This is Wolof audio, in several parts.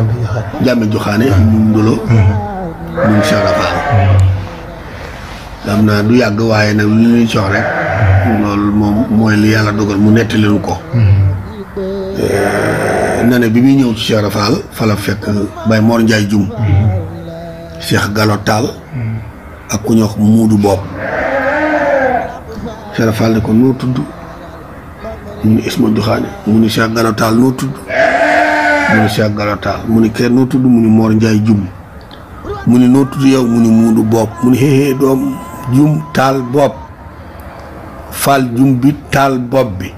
Njambe Joxaane. Njambe Joxaane. ñun Ndolo. lu ñuy rek. loolu moom mooy li yàlla dogal mu nettali lu ko. Mm-hmm. Eh, na bi muy ñëw ci Soxna Fall fekk Baye Mor Ndiaye Jum. Mm-hmm. Cheikh Gallo mm-hmm. ak ku ñuy wax Muudu Boob. Soxna Fall ko noo tudd. mu ne Isma Joxaane mu ne Cheikh Gallo noo tudd. mu ni Cheikh Galata mu ni kenn noo tudd mu ni Mor Ndiaye Jum mu ni noo tudd yow mu ni muudu bopp mu ni xéexée doom jum taal bopp faal jum bi taal bopp bi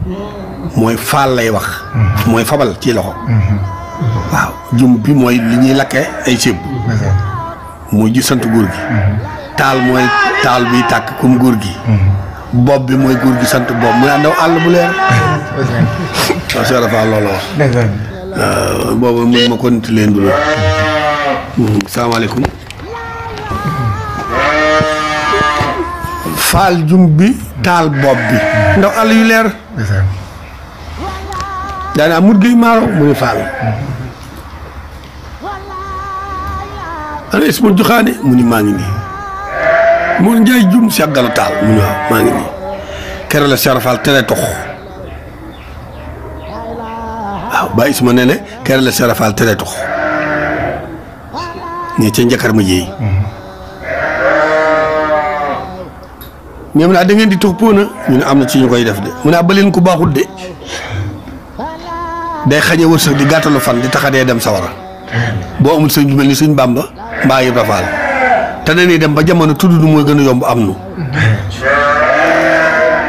mooy faal lay wax mooy fabal ci loxo waaw jum bi mooy li ñuy lakke ay sëb mooy ju sant góor gi taal mooy taal biy tàkk comme góor gi bopp bi mooy góor gi sant bopp mu ne àndaw àll bu leer waaw Cheikh Fall loolu wax Euh, boobu mën ma ko nit leen du la hmm. salaamaaleykum faal jum bi taal bopp bi ndax àll yu leer daanaa mut guy maaro mu ni faal ana isma joxaane mu ni maa nii mun njaay jum si ak taal mu ni waaw nii kere la seer faal tere tox waaw Baye Isma ne ne kër la Seraphaal tereetu ko ne ca njakar ma jéey. mais mu ne ah, di tux poona ñu ne ah, am na ci ñu koy def de mu ne ah ba leen ku baaxut de day xañe wërsëg di gàttalu fan di taxadee dem sawara boo amul sëñ bi mel ni suñ bàmba mbaa yi rafaal te dañuy dem ba jamono tudd mooy gën a yomb am nu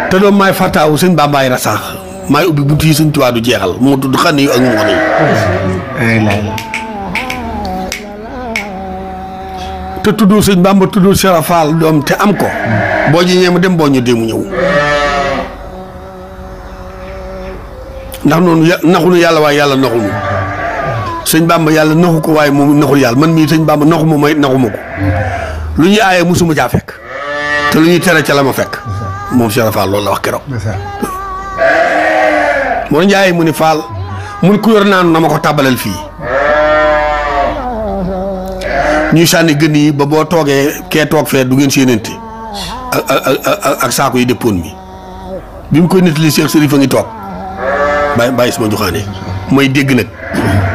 te doom maay fàttaawu suñ bàmbaay rasaax maay ubbi buntu yi suñ tubaab du jeexal moo tudd xane yu ak moo ne te tuddul sëñ bàmb tuddul Sëriñ Faal doom te am ko boo jiñee ma dem boo ñu dee mu ñëw ndax noonu ya naxunu yàlla waaye yàlla naxunu sëñ Bamba yàlla naxu ko waaye moom naxul yàlla man mii sëñ bàmb naxu ma may naxu ma ko lu ñuy aayee musuma caa fekk te lu ñuy tere ca la ma fekk moom Sëriñ Faal loolu la wax keroog moo njaay mu ni faal mun ku yor naanu na ma ko tàbbalal fii ñuy sànni gën yi ba boo toogee kee toog fee du ngeen séenante ak ak saako yi déppoon mi bi mu koy nettali Cheikh Serif a ngi toog bàyyi bàyyi sama joxaane mooy dégg nag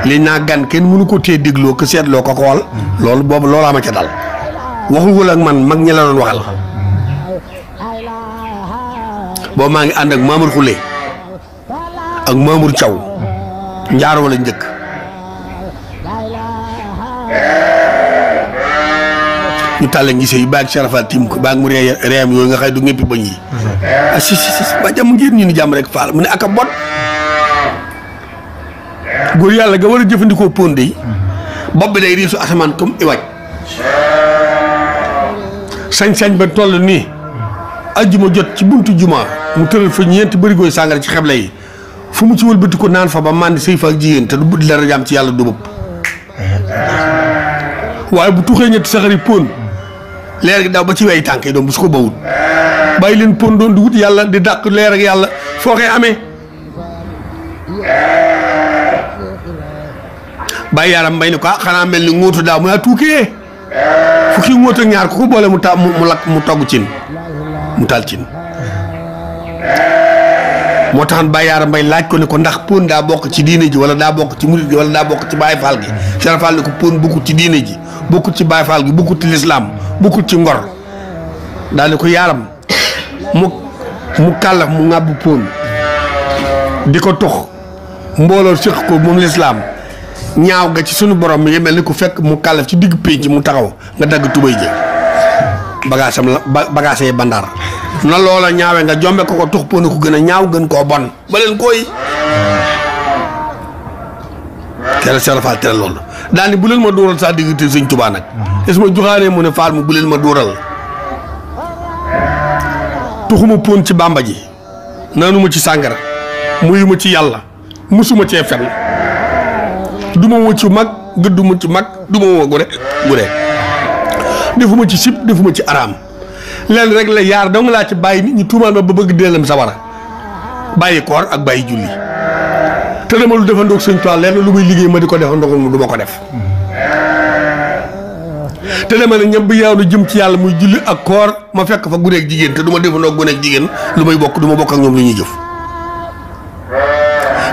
li naa gan kenn mënu ko tee dégloo ko seetloo ko ko xool loolu boobu loolaa ma ca dal waxuwul ak man mag ñi la doon waxal boobu maa ngi ànd ak Mamour Khoule ak mamour thiaw ñaar wala ñëk ñu talé ngi sey baak sharafat tim ko baak mu reem yo nga xay du ngepp bañ yi ah si si ba jam ngeen ñu jam rek faal mu ne aka bot gor yalla ga wara jëfëndiko pondé bob bi day risu asaman kum waj sañ sañ ba toll ni aljuma jot ci buntu juma mu teul fa ñent bari goy sangal ci xeblay fu mu ci wul ko nan fa ba mandi sey fa ak jigen te du buddi dara jam ci yalla du bop way bu tuxee ñetti saxari pon leer gi daw ba ci way tanke do doom bu su leen pon don di wut yalla di dak leer ak yalla foo koy amee bàyyi yaram mbay ko ah, xana melni mel ni mu yaa ah, fu ki ngóot ñaar ko boole mu ta mu lak mu togg cin mu tal cin moo bayar Baye Yaara Mbay laaj ko ne ko ndax pun da bok ci diine ji wala da bok ci murid ji wala da bok ci Baye Fall gi Cheikh Fall ko pun buku ci diine ji bokkut ci Baye Fall gi buku ci lislaam bokkut ci ngor daa ne ko yaaram mu mu kàllaf mu ngab pun diko ko mbolo cheikh ko mom l'islam ñaaw ga ci sunu borom mi melni mel ni ku fekk mu kàllaf ci digg pénc mu taxaw nga dag tubay ji bagasam la bandar na loola ñaawe nga jombe ko ko tux ponu ko gën a ñaaw gën koo bon ba leen koy kere Cheikh Fall tere loolu daal ni bu leen ma dóoral sax diggante sëñ Tuubaa nag is ma joxaanee mu ne Fall mu bu leen ma dóoral tuxuma pon ci bàmba ji naanuma ci sàngara muyuma ci yàlla musuma cee fen du ma ci mag gëdduma ci mag duma ma gu re gu defuma ci sib defuma ci araam lenn rek la yaar dong laa ci bàyyi nit ñi tuumaal ma ba bëgg déllam sawara bàyyi koor ak bàyyi julli te dama lu defandoog sëñ lenn lu muy liggéey ma di ko defandoog mu du ma ko def te ne ñam bi yaaw na jëm ci yàlla muy julli ak koor ma fekk fa guneeg jigéen te du ma defandoog guneeg jigéen lu may bokk du ma bokk ak ñoom lu ñuy jëf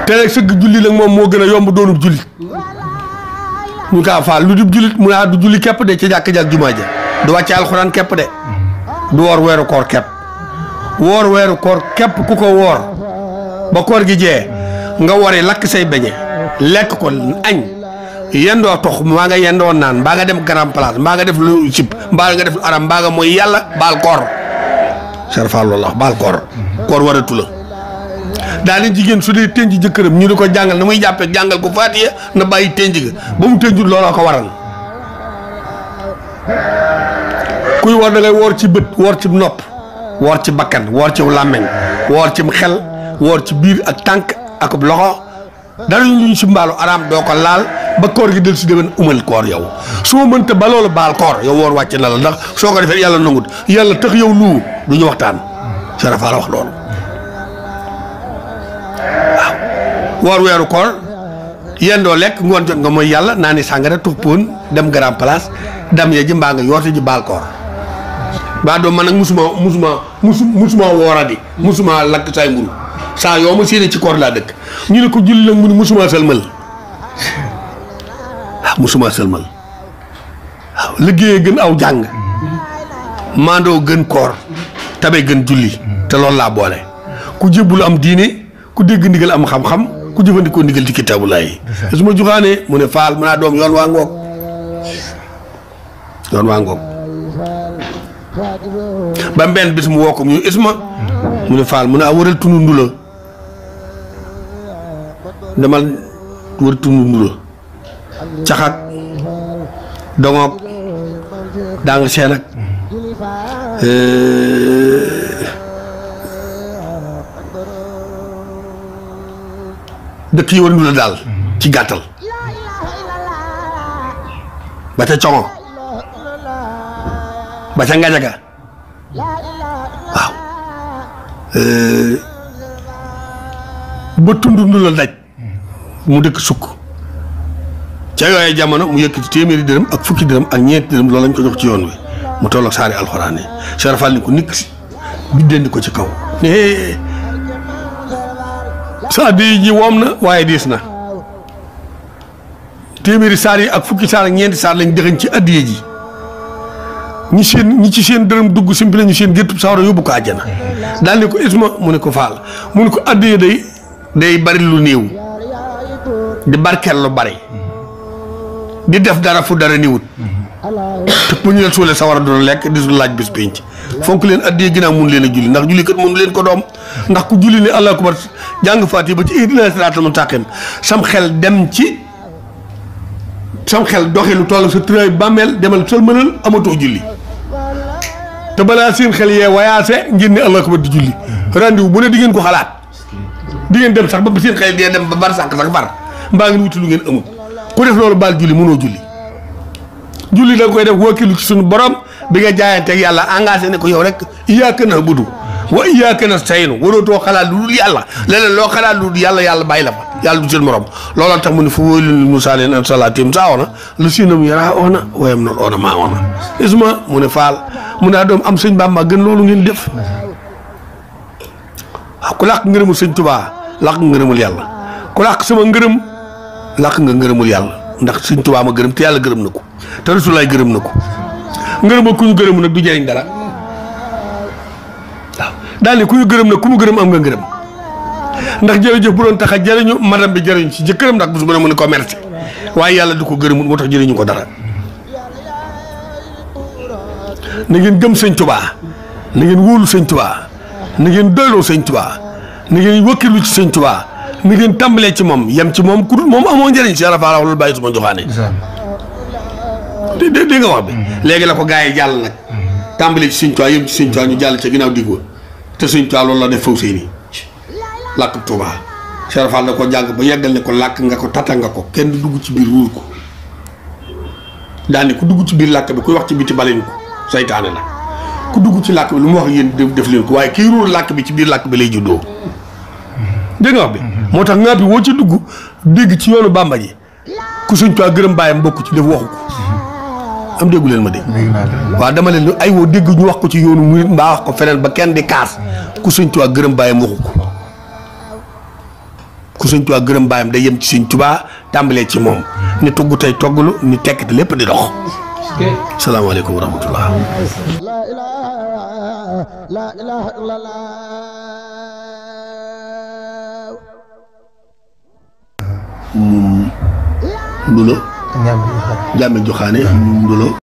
te nag sëgg julli nag moom moo gën a yomb doonub julli ñu kaa faal lu dib jullit mu naa ah du julli képp de ci jàkk-jàkk jumaa ja du képp de du woor weeru koor kepp woor weeru koor képp ku ko woor ba koor gi jee nga wari lakk say beñe lekk ko añ yendoo tox mbaa nga yendoo naan mbaa nga dem grand place mbaa nga def lu cib mbaa nga def lu aram mbaa nga mooy yàlla baal koor sarfalullah baal koor koor waratu la daal di jigéen su dee tenj jëkkëram ñu di ko jàngal na muy jàppee jàngal ko faatiya na bàyyi tenj ba mu tenjul looloo ko waral kuy warga da ngay wor ci beut wor ci nopp wor ci bakkan wor ci làmmeñ wor ci xel wor ci bir ak tank ak loxo dara ñu ci mbalu aram do ko laal ba koor gi del ci demen umal koor yow so meunta ba lolu bal koor yow wor wacc na la ndax so ko defé yalla nangut yalla tax yow nu duñu waxtaan sharafa la wax lool wor wëru koor yendo lek ngon jot nga moy yalla nani sangara tukpun dem grand place dam ya ji mba nga ji ba do man ak musuma musuma musuma di musuma lak say mburu sa yo mo seen ci kor la dekk ñu ne ko julli la musuma selmal ah, musuma selmal ah, liggey gën aw jang mando gën kor tabe gën julli te lool la bolé ku jibul am diine ku dégg ndigal am xam-xam ku jëfandikoo ndigal ci kitaabulaay su ma juxaanee ne faal mu doom yoon wa ngok yoon wa ngok ba benn bis mu woo mu ñu isma mu ne faal mu ne am ah, waral tund ndula demal war tund ndula caxak dongoog dang seen ak eh, dëkk yi ndula daal ci gàttal ba ca coŋo ba ca ngajaga waaw ba tundu nu la daj mu dëkk sukk ca yooye jamono mu yëkkati téeméeri dërëm ak fukki dërëm ak ñeenti dërëm loolu lañ ko jox ci yoon wi mu toll saari alxuraan yi Cheikh ni ko nikk si biddeen ko ci kaw ne saa di ji woom na waaye diis na téeméeri saar yi ak fukki saar ak ñeenti saar lañ dëxañ ci addiye ji ñi seen ñi ci seen deureum dugg simple la ñu seen gettu sawara yobu ko aljana dal ni ko isma mu ne ko fal mu ne ko adde day day bari lu neew di barkel lu bari di def dara fu dara neewut te bu ñu leen suulee sawara do lek di su laaj bis penc fonk leen adde gina mu leen julli ndax julli kat mu leen ko dom ndax ku julli ni allah akbar jang fatih ba ci salat siratal sam xel dem ci sam xel doxelu tollu sa tray bamel demal meul amato julli te balaa seen xel yee wayaase ngeen ne allah ko di julli rendez-vous bu ne di ngeen ko xalaat di ngeen dem sax ba seen xel dee dem ba bar sànq sax bar mbaa ngeen wuti lu ngeen amul ku def loolu baal julli mënoo julli julli da koy def wakilu ci suñu borom bi nga jaayanteeg yàlla engagé ne ko yow rek iyyaka na'budu wa iyyaka na waroo too xalaat lu dul yàlla leneen loo xalaat lu dul yàlla yàlla bàyyi la fa yalla du jël morom loola tax mu ne fu woy musa an salatim sa lu sinam yara ona wayam no ona ma ona isma mu ne fal ah, mu ne ah, doom am seigne bamba gën loolu ngeen def ah, ku lak ngeerum seigne touba lak ngeerumul yalla ku lak sama ngeerum lak nga ngeerumul yalla ndax seigne touba ma gërem te yalla gërem nako te rasulay gërem nako ngeerum ko ñu nak du jëriñ dara dal ni ku ñu nak ku mu am nga ndax jërëjëf bu doon tax a jëriñu madame bi jëriñ ci jëkkëram ndax bés bu ne mu ne ko merci waaye yàlla du ko gërëmut moo tax jëriñu ko dara na ngeen gëm sëñ tubaa na ngeen wóolu sëñ tubaa na ngeen doyloo sëñ tubaa na ngeen wëkkilu ci sëñ tubaa na ngeen tàmbalee ci moom yem ci moom ku moom amoo njëriñ si arafaara loolu bàyyi suma joxaane dé dé nga wax bi léegi la ko gars yi jàll nag tàmbalee ci sëñ tubaa yem ci sëñ tubaa ñu jàll ca ginnaaw digwa te sëñ tubaa loolu la def làkk Touba. Cheikh Fall la ko jàng ba yeggal ne ko làkk nga ko tata nga ko kenn di dugg ci biir ruur ko daane ku dugg ci biir làkk bi kuy wax ci biti baleñ ko saytaane la ku dugg ci làkk bi lu mu wax yéen def leen ko waaye kii làkk bi ci biir làkk lay juddoo dégg wax bi moo tax ŋaat bi woo ci dugg dégg ci yoonu Bàmba ji ku suñ tuwaa gërëm bàyyam bokk ci def waxu ko am déggu leen ma dégg waa dama leen ay woo dégg ñu wax ko ci yoonu murit mbaa wax ko feneen ba kenn di kaas ku suñ tuwaa gërëm bàyyam waxu ko ku sëñ Tuubaa gërëm baayam day yem ci sëñ Tuubaa tàmbalee ci moom ni tugg tey togglu ni tekk te lépp di dox salaamaaleykum wa rahmatullah la ilaha la ilaha illallah ndulo jaame joxaane moom ndulo